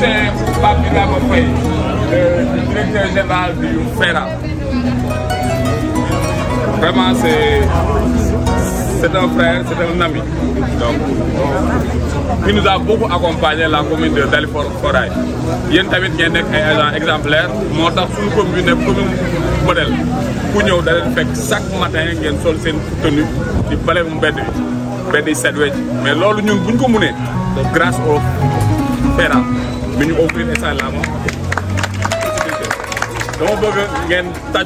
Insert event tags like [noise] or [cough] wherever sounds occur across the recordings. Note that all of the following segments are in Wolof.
c'est Papila Mopé, le directeur général du FERA. Vraiment, c'est c'est un frère, c'est un ami. Donc, qui nous a beaucoup accompagné la commune de dalifor Foray. yéen tamit ngeen nekk ay agent exemplaire, moo tax une commune nekk commune modèle ku nous da fekk chaque matin ngeen sol seen tenue di fallait mu mbedd bi mbedd yi set mais loolu ñun buñ ko grâce au FERA. bi ñu ow Green Star laa moom dama bëgg ngeen a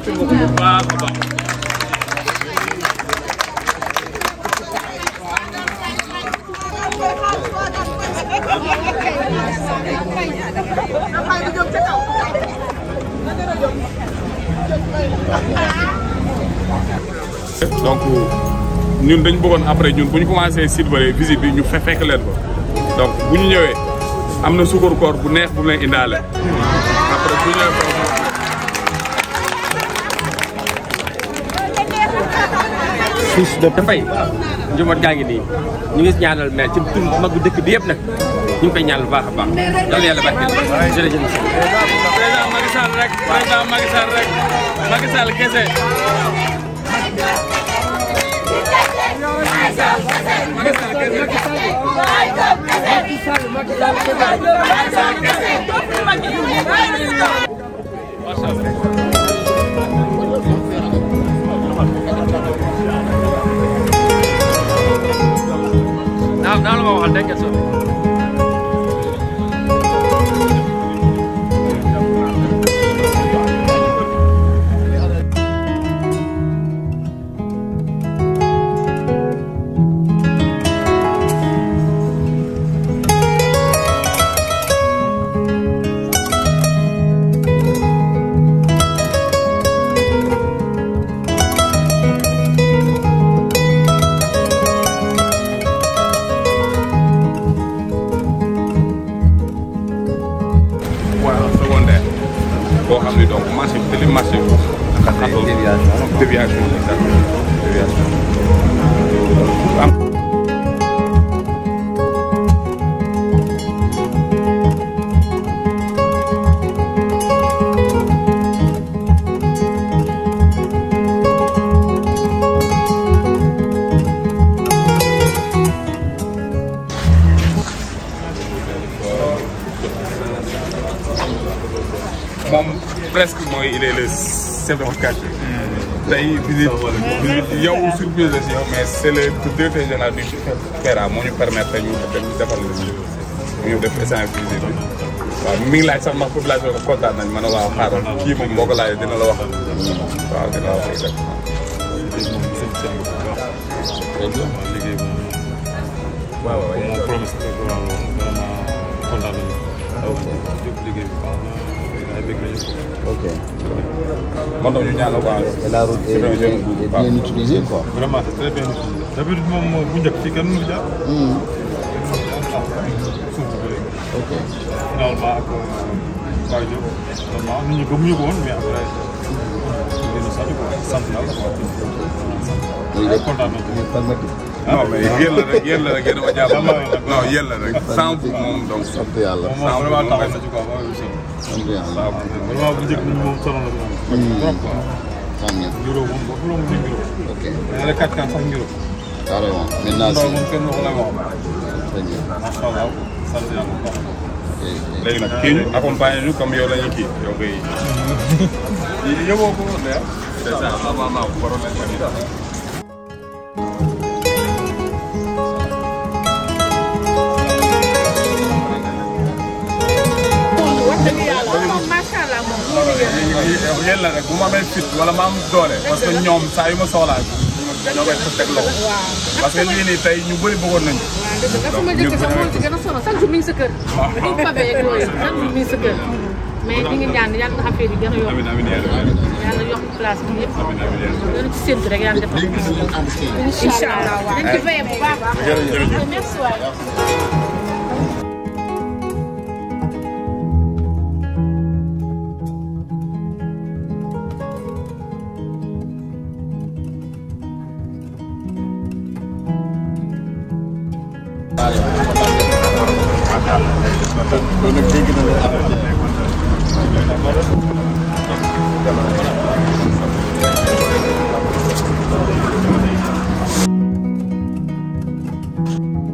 donc ñun dañ après ñun bu commencé site bare donc am na sukkur koor bu neex bu mu leen indaale après bu ñëwee foofu fiche de paie. Njumat gaa ngi nii ñu ngi ñaanal maire ci tur mag dëkk bi yëpp nag ñu ngi koy ñaanal bu baax a baax yàlla yàlla barkeel jërëjëf. président Macky Sall rek président Macky Sall rek Macky Sall kese. Now, now I'm going to take it. presque mooy il est le chef de orchestre tey di di yow surprise la ele yow mais c' est le directeur général du FERA moo é permettre ñu defal ñu def échange visite bi waaw mi ngi laaj sax ndax population bi kontaan nañ ma ne waaw xaaral kii moom boo ko laajee dina la wax waaw dina la wax exactement. waaw waaw waaw. Ok. Maintenant, nous avons la route est, est, bien, est bien, bien utilisée, quoi. Vraiment, c'est très bien utilisé. D'habitude, mon boudjak, c'est comme nous déjà. Ok. Finalement, normalement, nous nous sommes mieux, mais après, nous sommes mieux, quoi. Sans dialogue, quoi. Nous sommes mieux. Nous sommes mieux. non mais yéen la rek yéen la rek yéen a ma jàpp. non yéen la rek sans vous moom donc. sant yàlla sant moom vraiment taxaw na ci quoi waaw aussi. sant yàlla waaw bu njëkk bi moom sonal na ko. Hmm. trop quoi. sant yàlla juróom moom ba fuloo mu ne juróom. ok da nga quatre quatre sax juróom. carrément maintenant si moom kenn du ko lay wax. très bien macha allah sant yàlla bu baax. léegi nag kii ñu accompagné ñu comme yow la ñu kii yow kay. [laughs] yéen yóbboo ko woon de ah. c'est ça ah, waaw waaw waaw waroon nañu ko yéen la rek bu ma amee fit wala ma am doole parce que ñoom saa yu ma soxlaa ñoo koy teg loxo parce que lii nii tey ñu bëri bëggoon nañu. donc ñu bëri nañu ko gën a sonal chaque jour mi ngi sa kër. waaw waaw dañu fabee ak yooyu chaque jour mi ngi sa kër. mais ñu ngi ñaan yàlla na affaire yi gën a yokku. amiin amiin yàlla yokk place bi yëpp. amiin amiin yàlla gën a ci séntu rek yàlla defal ko. incha allah waaw dañu ci veillé bu baax a baax. merci waay. you.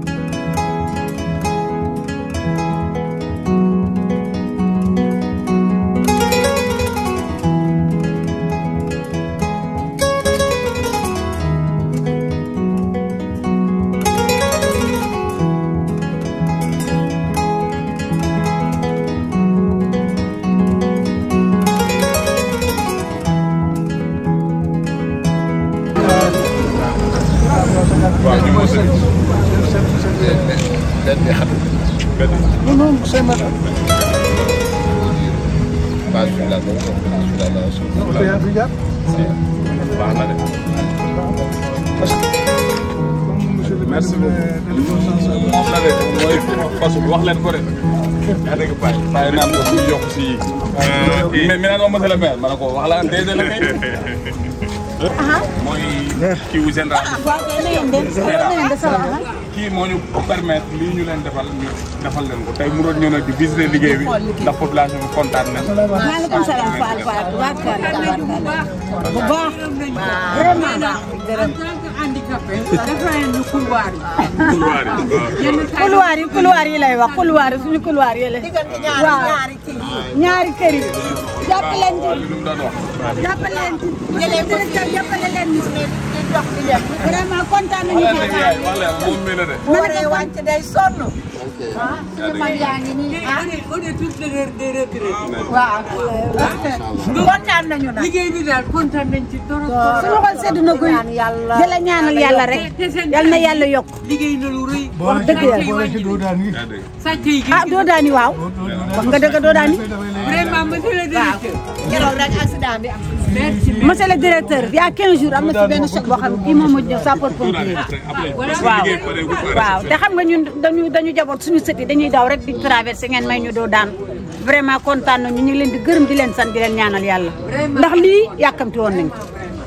mais mi naan monsieur le maire ma ne ko wax la DG la kay. mooy kii wu général. kii moo ñu permettre lii ñu leen defal ñu defal leen ko tey mu doon ñëw nag di visiter liggéey bi ndax population bi kontaan nañ. maaleykum salaam Fall Fall bu baax. couloir yi. couloir yi yi lay wax couloir yi suñu couloir yi lay. waaw ñaari kër yi. jàpp leen ci jàpp leen ci. jàppale leen ci on est tous lu monsieur le directeur ak suñu sët dañuy daw rek di traverser ngeen may ñu do daan vraiment kontaan ñu ngi leen di gërëm di leen sant di leen ñaanal yalla ndax li yakamti won nañ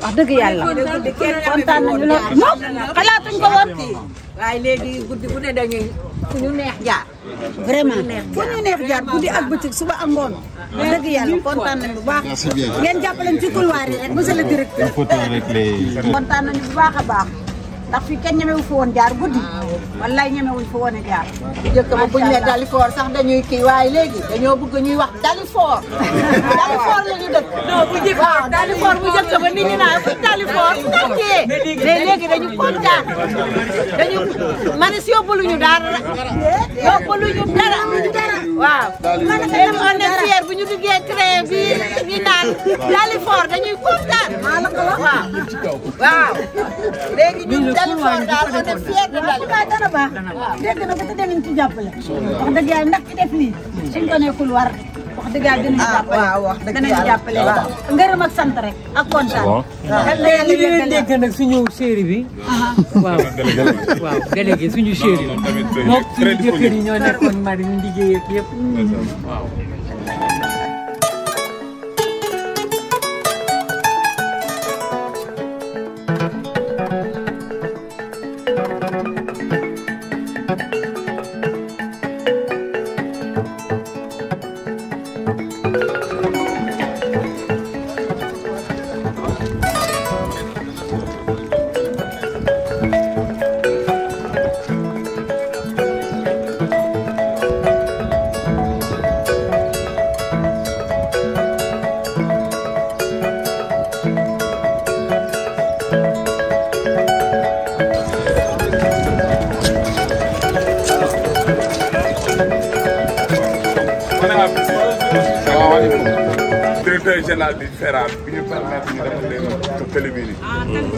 wax deug yalla kontaan ñu la moom xalaatuñ ko woon way léegi guddi bu ne dañuy suñu neex jaar vraiment suñu neex jaar guddi ak bëccëg suba ak ngoon deug yalla yàlla kontaan bu baax ngeen jàppaleñ ci couloir rek monsieur le directeur kontaan nañu bu baaxa baax ndax fii kenn ñemewu fi woon jaar guddi wallaay ñemewuñ fi woon a jaar jëkk ba buñ ne Dalifort sax dañuy kii waaye léegi dañoo bëgg ñuy wax Dalifort [laughs] Dalifort la ñu dëkk non bu jëkk Dalifort bu jëkk ba nit ñi naan fu Dalifort sàccee mais léegi dañu kontaan waaw man dañu on est fier bu ñu waaw waaw léegi ñu benn foor daal on est fier de Dali. waaw dana baax dégg na ko te danañ ci jàppale. wax dëgg yàlla ndax ki def lii suñ ko nekkul war. wax dëgg yàlla dinañu jàppale ah waaw wax dëgg yàlla danañu jàppale waaw. ngërëm ak sant rek ak kontaan. waaw waaw li leen dégg nag suñu chéri bi. waaw waaw délégué suñu chéri bi. moom suñu jëkkër yi ñoo nekkoon mari ñu liggéey ak yëpp. waaw.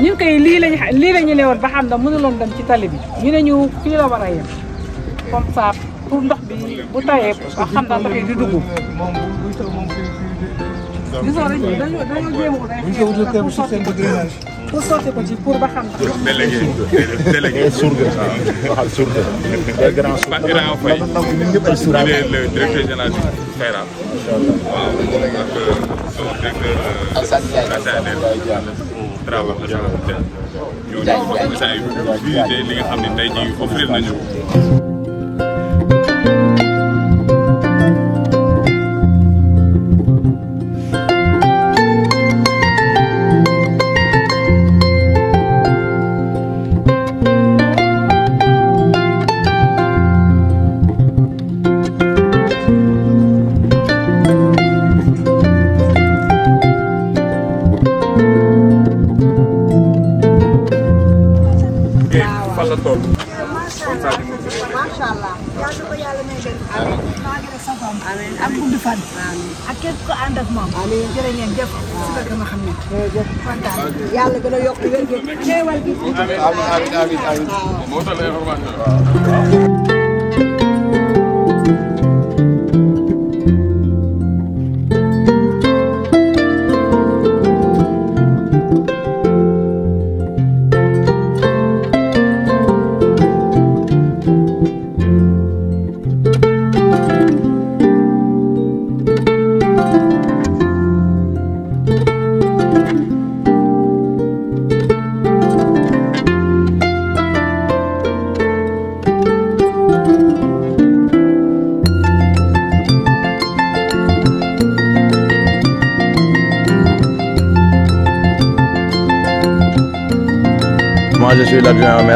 ñun koy lii lañ lii la ñu ne woon ba xam ne mënuloon dem ci tali bi ñu ne ñu fii la war a yem comme ça pour ndox bi bu tawee ba xam na ndox yi di dugg. disons dañoo dañoo a ko day pour sotti pour sotti ko ci travaux nationaux ñooñu bokk saa yu visité li nga xam ne tey jii offrir nañu jërëjëf kontaan yàlla gën a yokk wér gi xéewal gi. amiin amiin amiin moo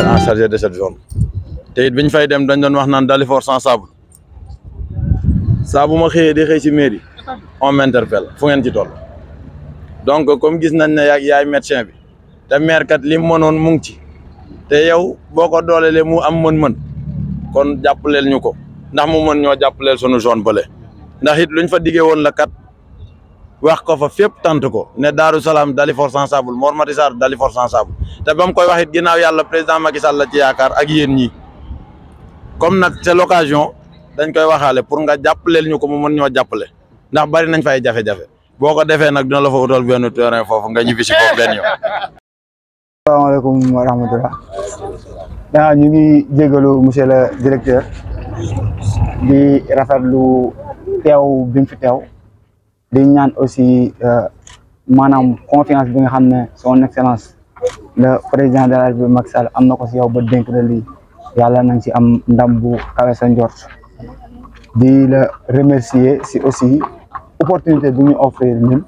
maire en charge de cette zone te it biñ fay dem dañ doon wax dali Dalifort sans sable sa buma xeye di xey ci mairie on m'interpelle fu ngeen ci toll donc comme gis nañ ne yak yaay médecin bi te maire kat lim mënoon mu ngi ci te yow boko ko mu am mën-mën kon jàppaleel ñuko ndax mu mën ño jàppaleel sunu zone bële ndax it luñ fa diggé won la kat wax ko fa fépp tant ko ne Daaru Salaam Dalifort sans sable Mor Maty Sarr Dalifort sans sable te ba koy wax it ginnaaw yàlla président Macky Sall ci yaakaar ak yéen ñi comme nag c'est l'occasion dañ koy waxaale pour nga jàppaleel ñu ko mu mën ñoo jàppale ndax bari nañ fay jafe-jafe boo ko defee nag dina la fa utal benn terrain foofu nga ñibbi si foofu benn yoon. asalaamaaleykum wa rahmatulah. ñu ngi jégalu monsieur le directeur di rafetlu teew bi mu fi teew. di ñaan aussi euh, maanaam confiance bi nga xam ne son excellence le président de la République Macky Sall am na ko ba dénk la lii yàlla nañ ci am ndam bu kawe sa di la remercier si aussi opportunité bi ñu offrir ñun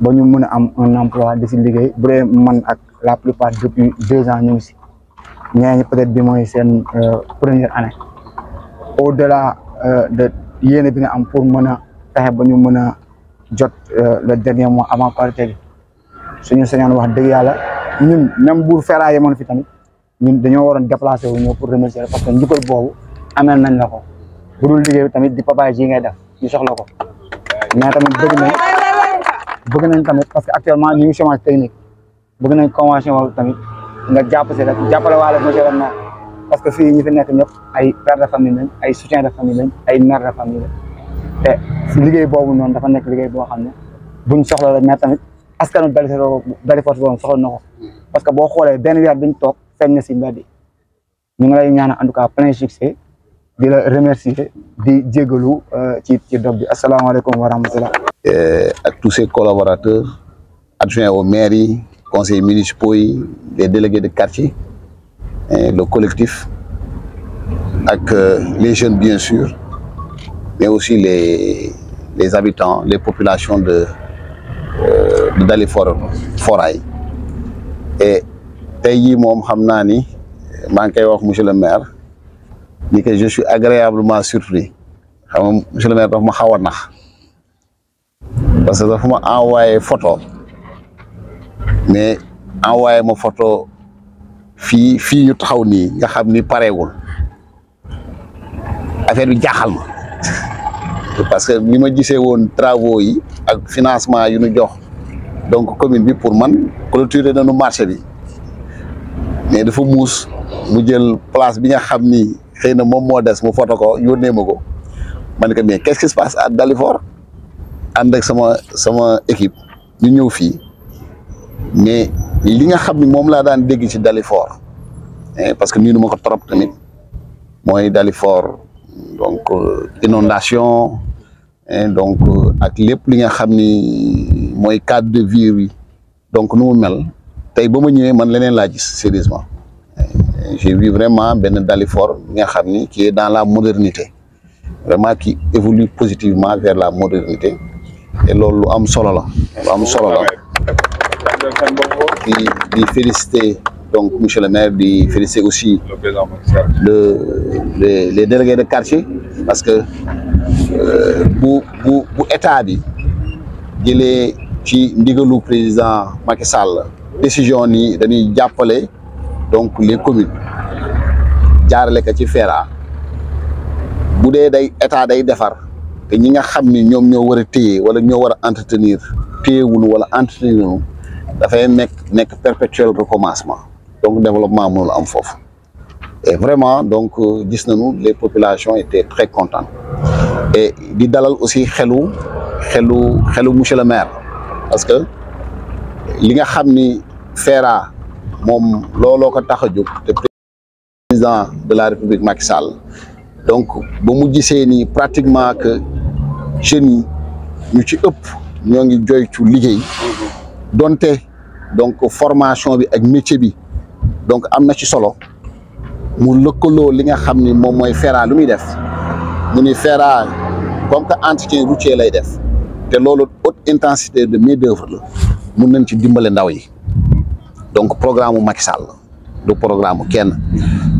ba ñu mën a am un emploi di si liggéey bu man ak la plupart depuis deux ans ñu ngi si ñeneen peut-être bi mooy seen euh, première année au euh, bi nga am pour mën a fexe ba ñu mën a jot euh, le dernier mois avant Korité gi suñu sañoon wax dëgg yàlla ñun même buur feraa yemoon fi tamit ñun dañoo waroon déplacé wu pour remercier parce que njukkal boobu ameel nañ la ko bu dul liggéey tamit di papa ji ngay def ñu soxla ko mais tamit bëgg nañ bëgg tamit parce que actuellement ñu ngi chômage technique bëgg nañ convention boobu tamit nga jàpp si rek jàppale waale monsieur le maire parce que fii ñu fi nekk ñëpp ay père de famille lañ ay soutien de famille lañ ay mère de famille te liggéey boobu noonu dafa nekk liggéey boo xam ne buñ soxla la mais tamit askanu Dalifort Dalifort boobu soxla na ko parce que boo xoolee benn weer biñ toog feeñ na si mbedd yi ñu ngi lay ñaanal en tout cas plein succès di la remercier di jégalu euh, ci ci dog bi asalaamaaleykum wa rahmatullah euh, ak tous ses collaborateurs adjoints au maire yi conseillers municipaux yi les délégués de quartier le collectif ak euh, les jeunes bien sûr mais aussi les, les habitants, les populations de, euh, de Dalifor Foray. Et Taïi Mom avec monsieur le maire, dit que je suis agréablement surpris. Monsieur le maire, je suis Parce que je m'a envoyé photo, mais envoyé ma photo fille, fille, ni fille, fille, fille, affaire fille, fille, ma parce que ni ma gisee woon travaux yi ak financement yu ñu jox donc commune bi pour man clôturer nañu marché bi mais dafa mous mu jël place bi nga xamni xeyna mom mo dess mu photo ko yone mako man ma ko mais qu'est-ce qui se passe à Dalifor and ak sama sama équipe ñu ñëw fi mais li nga xamni mom la daan dégg ci Dalifor Dalifort eh, parce que ñu ñu mako trop tamit moy Dalifor donc euh, inondation hein, donc euh, ak les li nga xamni moy mooy cadre de vie donc nous mel tay bama ma man lénen la gis sérieusement euh, j'ai vu vraiment ben dalifor fort nga xamni qui est dans la modernité vraiment qui évolue positivement vers la modernité et lolu am solo la am solo la di di féliciter donc M. le maire féliciter aussi les délégués de quartier parce que pour euh, l'état, président Macky Sall décision ni dañuy appelé, donc les communes FERA bu day état day a a entretenir entretenir un perpétuel recommencement donc développement mënul am foofu et vraiment donc dis euh, nañu les populations étaient très contentes et di dalal aussi xelu xelu xelu monsieur le maire parce que li nga xamni ni Fera moom looloo ko taxaju te président de la République Macky Sall donc ba mu gisé ni pratiquement que jeunes yi ñu ci ëpp ñoo ngi ci liggéey mm-hmm. donté donc formation bi ak métier bi donc amna ci solo mu lekkolo li nga xamni mom moy FERA lu muy def mu ni FERA comme que entretien routier lay def te lolu haute intensité de main d'œuvre la mun nañ ci dimbalé ndaw yi donc programme mu Macky Sall du programme kenn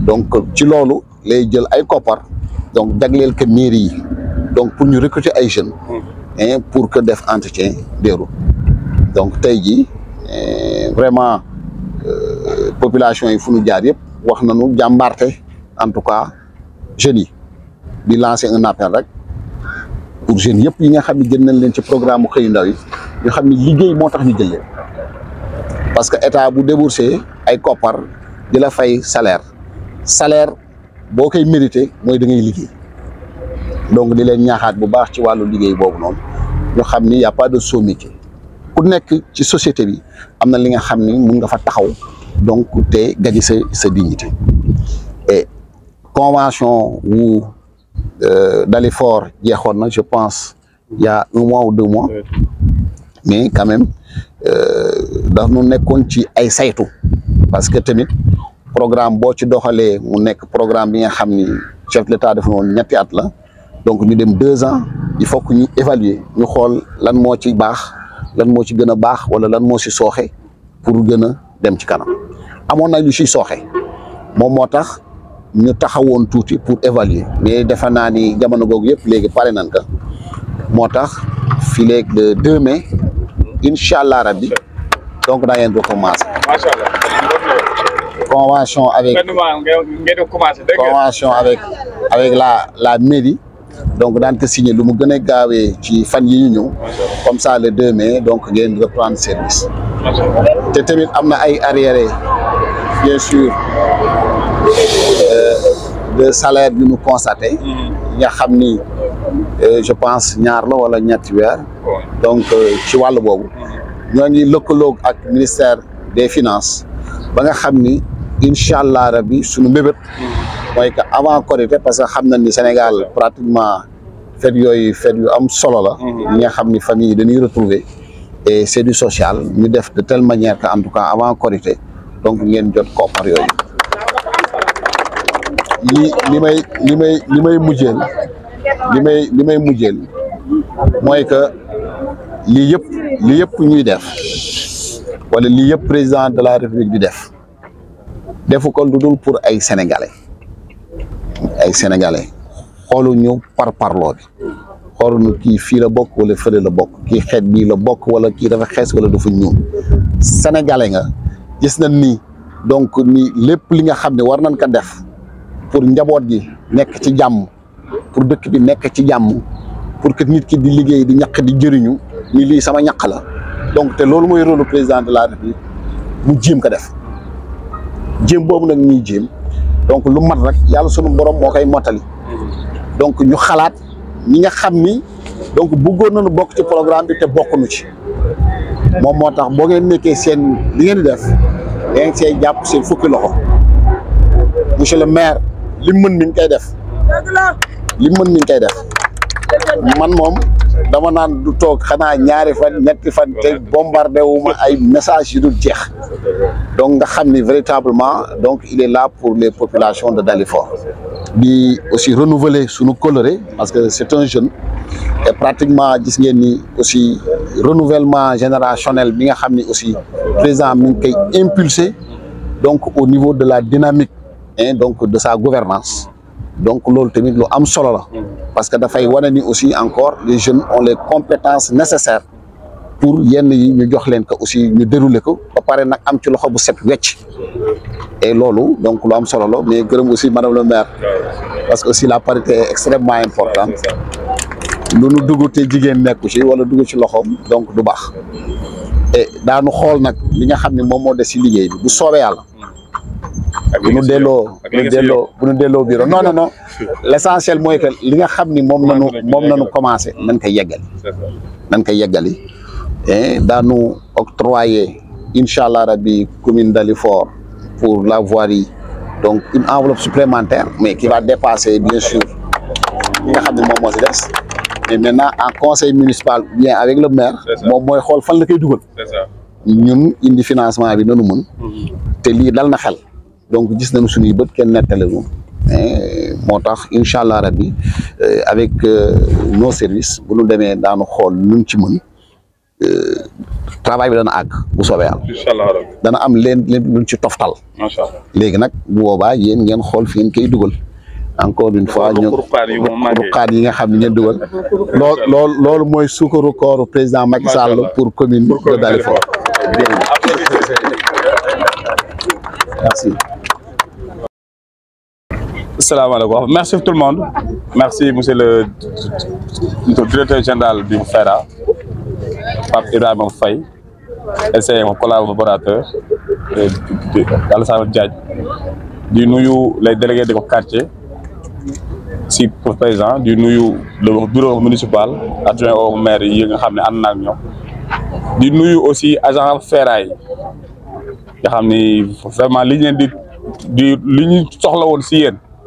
donc ci lolu lay jël ay copar donc jagleel que mairie donc pour ñu recruter ay jeunes. hein pour que def entretien des donc tey jii eh, vraiment. Euh, population yi fu jaar yépp wax nañu jambarté en tout cas jeunes yi di lancer un appel rek pour jeune yépp yi nga xamni gën nañ leen ci programme xey ndaw yi ñu xamni liggéey mo tax ñu jël leen parce que état bu débourser ay copar dila fay salaire salaire bokay mérité moy da ngay liggéey donc di leen ñaaxaat bu baax ci walu liggéey bobu non ñu xamni ni y a pas de sot métier ku nekk ci société bi amna li nga xamni ni nga fa taxaw donc té gaji sa sa dignité et convention wu euh, Dalifort jeexoon na je pense il y a un mois ou deux mois mais quand même euh, daf nu nekkoon ci ay saytu parce que tamit programme bo ci doxalé mu nekk programme bi nga xamni chef de l'État def noonu ñetti at la donc ñu dem deux ans il faut que ñu évaluer ñu xol lan mo ci baax lan moo ci gën a baax wala lan moo ci sooxe pour gën a dem ci kanam amoon na lu ci sooxe moom moo tax ñu woon tuuti pour évaluer mais defe naa ni jamono googu yëpp léegi pare nañ ka moo tax fii léegi le 2 mai incha allah rabbi donc daa ngeen di commencé. convention avec. convention avec avec la la mairie. donc daan ko signé lu mu gën a ci fan yi ñu ñëw comme ça le 2 mai donc ngeen reprendre service té tamit amna ay arriérés bien sûr euh, de salaire bi mu constaté ña xamni ni euh, je pense ñaar la wala ñatt wër donc euh, ci walu bobu ñoo ngi lëkkaloog ak ministère des finances ba nga xamni inshallah incha allah rabi sunu mbébét mooy ka avant Korité parce que xamna ni Sénégal pratiquement fête yoy fête yu am solo la mhm. ñi nga ni famille dañuy retrouver et c'est du social ñu def de telle manière que en tout cas avant Korité donc ngeen jot koppar yooyu li li may li may li may mujjeel li may li may mujjeel mooy que li yep li yep ñuy def wala li yep président de la république di def defu ko lu pour ay sénégalais ay sénégalais xooluñu par parloo bi xooluñu kii fii la bokk wala fële la bokk kii xeet bii la bokk wala kii dafa xees wala dafa ñuul sénégalais nga gis nañ ni donc ni lépp li nga xam ne war nañ ko def pour njaboot gi nekk ci jàmm pour dëkk bi nekk ci jàmm pour que nit ki di liggéey di ñaq di jëriñu nii lii sama ñaq la donc te loolu mooy rôle président de la république mu jéem ko def jéem boobu nag ñuy jéem donc lu mat rek yàlla sunu borom moo koy mottali donc ñu xalaat ñi nga xam ni donc buggoon na nañu bokk ci programme bi te bokkuñu ci moom moo tax boo ngeen nekkee seen li ngeen di def da ngeen see jàpp seen fukki loxo monsieur maire li mën mi ngi koy def li mën mi koy def man moom. dama naan du toog xanaa ñaari fan ñetti fan te bombardé wu ma ay messages yu dul jeex donc nga xam véritablement donc il est là pour les populations de Il est aussi renouveler sunu coloré parce que c'est un jeune et pratiquement gis ngeen aussi renouvellement générationnel bi nga xam ni aussi président mi ngi impulser donc au niveau de la dynamique hein, donc de sa gouvernance donc loolu tamit lu am solo la mm. parce que dafay wane ni aussi encore les jeunes ont les compétences nécessaires pour yenn yi ñu jox leen ko aussi ñu dérouler ko ba pare nag am ci loxo bu set wecc et loolu donc lu am solo lo mais gërëm aussi madame le maire parce que aussi la parité est extrêmement importante lu nu dugg te jigéen nekku ci wala dugg ci loxo donc du baax et daanu xool nag bi nga xam ne moom moo des si liggéey bi bu soobee yàlla mm. bu ñu delloo bu ñu delloo bureau non non non l' [laughs] essentiel mooy que li nga nous ni moom nanu moom nanu commencé nañ koy yeggali nañ koy yeggali daanu octroyer incha rabi commune d'Alifor pour la voirie donc une enveloppe supplémentaire mais qui va dépasser bien sûr li nga xam ne moom moo si mais maintenant en conseil municipal bien avec le maire moom mooy xool fan la koy nous ñun indi financement bi nous mun mm-hmm. te lii dal na xel donc gis nañu suñuy bët kenn nettalewu moo tax incha allah rabbi euh, avec euh, nos services bu ñu demee daanu xool nuñ ci mën euh, travail bi dana àgg bu soobee yàlla. incha allah dana am leen leen luñ ci toftal. macha allah léegi nag bu boobaa yéen ngeen xool fi ngeen koy dugal. encore une fois ñu ruqaat yi nga xam ne ñu dugal lool lool loolu mooy suukaru kooru président Macky Sall pour commune de Dalifort merci Merci merci tout le monde merci monsieur le directeur général du FERA Pape Ibrahima Faye et c'est mon collaborateur Alassane Diagne Du nouveau les délégués de quartier si présent du nouveau le bureau municipal adjoint au maire yi nga a un ak aussi agent Ferraille. qui nga fait vraiment de l'Union de di di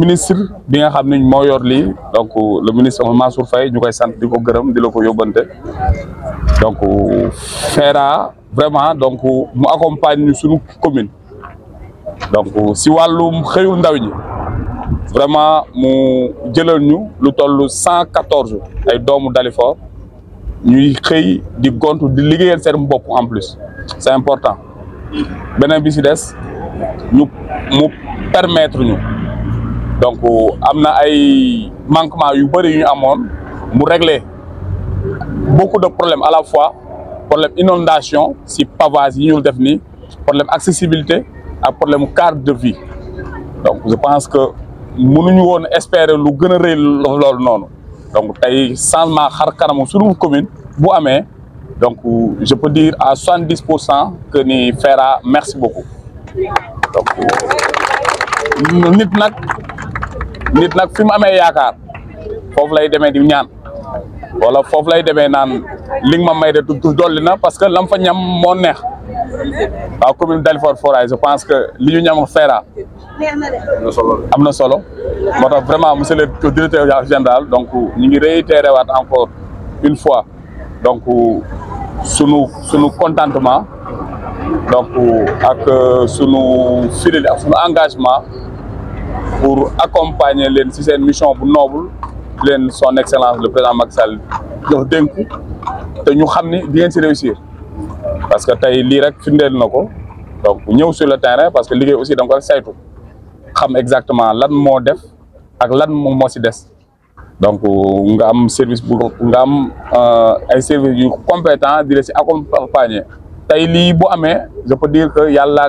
ministre bi nga xam ne moo yor lii donc le ministre Mansour Faye ñu koy sant di ko gërëm di la ko yóbbante donc FERA vraiment donc mu accompagne ñu suñu commune donc si wàllum xëyu ndaw ñu vraiment mu jëlal ñu lu toll cent quatorze ay doomu Dalifort ñuy xëy di gontu di liggéeyal seen bopp en plus c'est important beneen bi si des ñu mu permettre ñu donc euh, amna ay manquements yu bari yu amone mu régler beaucoup de problèmes à la fois problème inondation si pavage yi ñu def ni problème accessibilité ak problème carte de vie donc je pense que ñu won espérer lu gëna a rëy non donc tay changement xar kanamu commune bu amé donc je peux dire à 70% que ni Fera merci beaucoup donc euh, nit nit nak fi amé amee fofu lay démé di ñaan wala fofu lay démé naan ling ma may dé du dolli na parce que lam fa ñam mo neex wa commune d'Alfort Foray je pense que li ñu ñam feera am na solo moo tax vraiment monsieur le directeur général donc ñu ngi réitéré waat encore une fois donc sunu sunu contentement donc ak sunu fidélité sunu engagement pour accompagner leen ci une mission bu noble leen son excellence le président Macky Sall donc dénku te ñu savons ni di réussir parce que tey lii rek fin de ko donc ñëw sur le terrain parce que liggéey aussi da nga ko tout. saytu xam exactement lan moo def ak lan moom moo ci donc donc euh, nga am service bu nga am un euh, service compétent dire ci accompagner tey lii bu Amé, je peux dire que y a la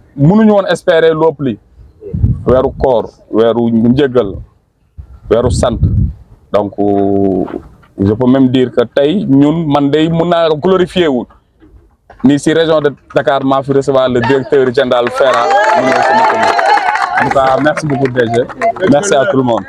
mënuñu woon espérer lu ëpp lii weeru koor weeru njëgal weeru sant donc je peux même dire que tey ñun man day mun naa glorifier wul ni si région de Dakar maa fi recevoir le directeur général Ferra mu ñëw merci beaucoup DG merci à tout le monde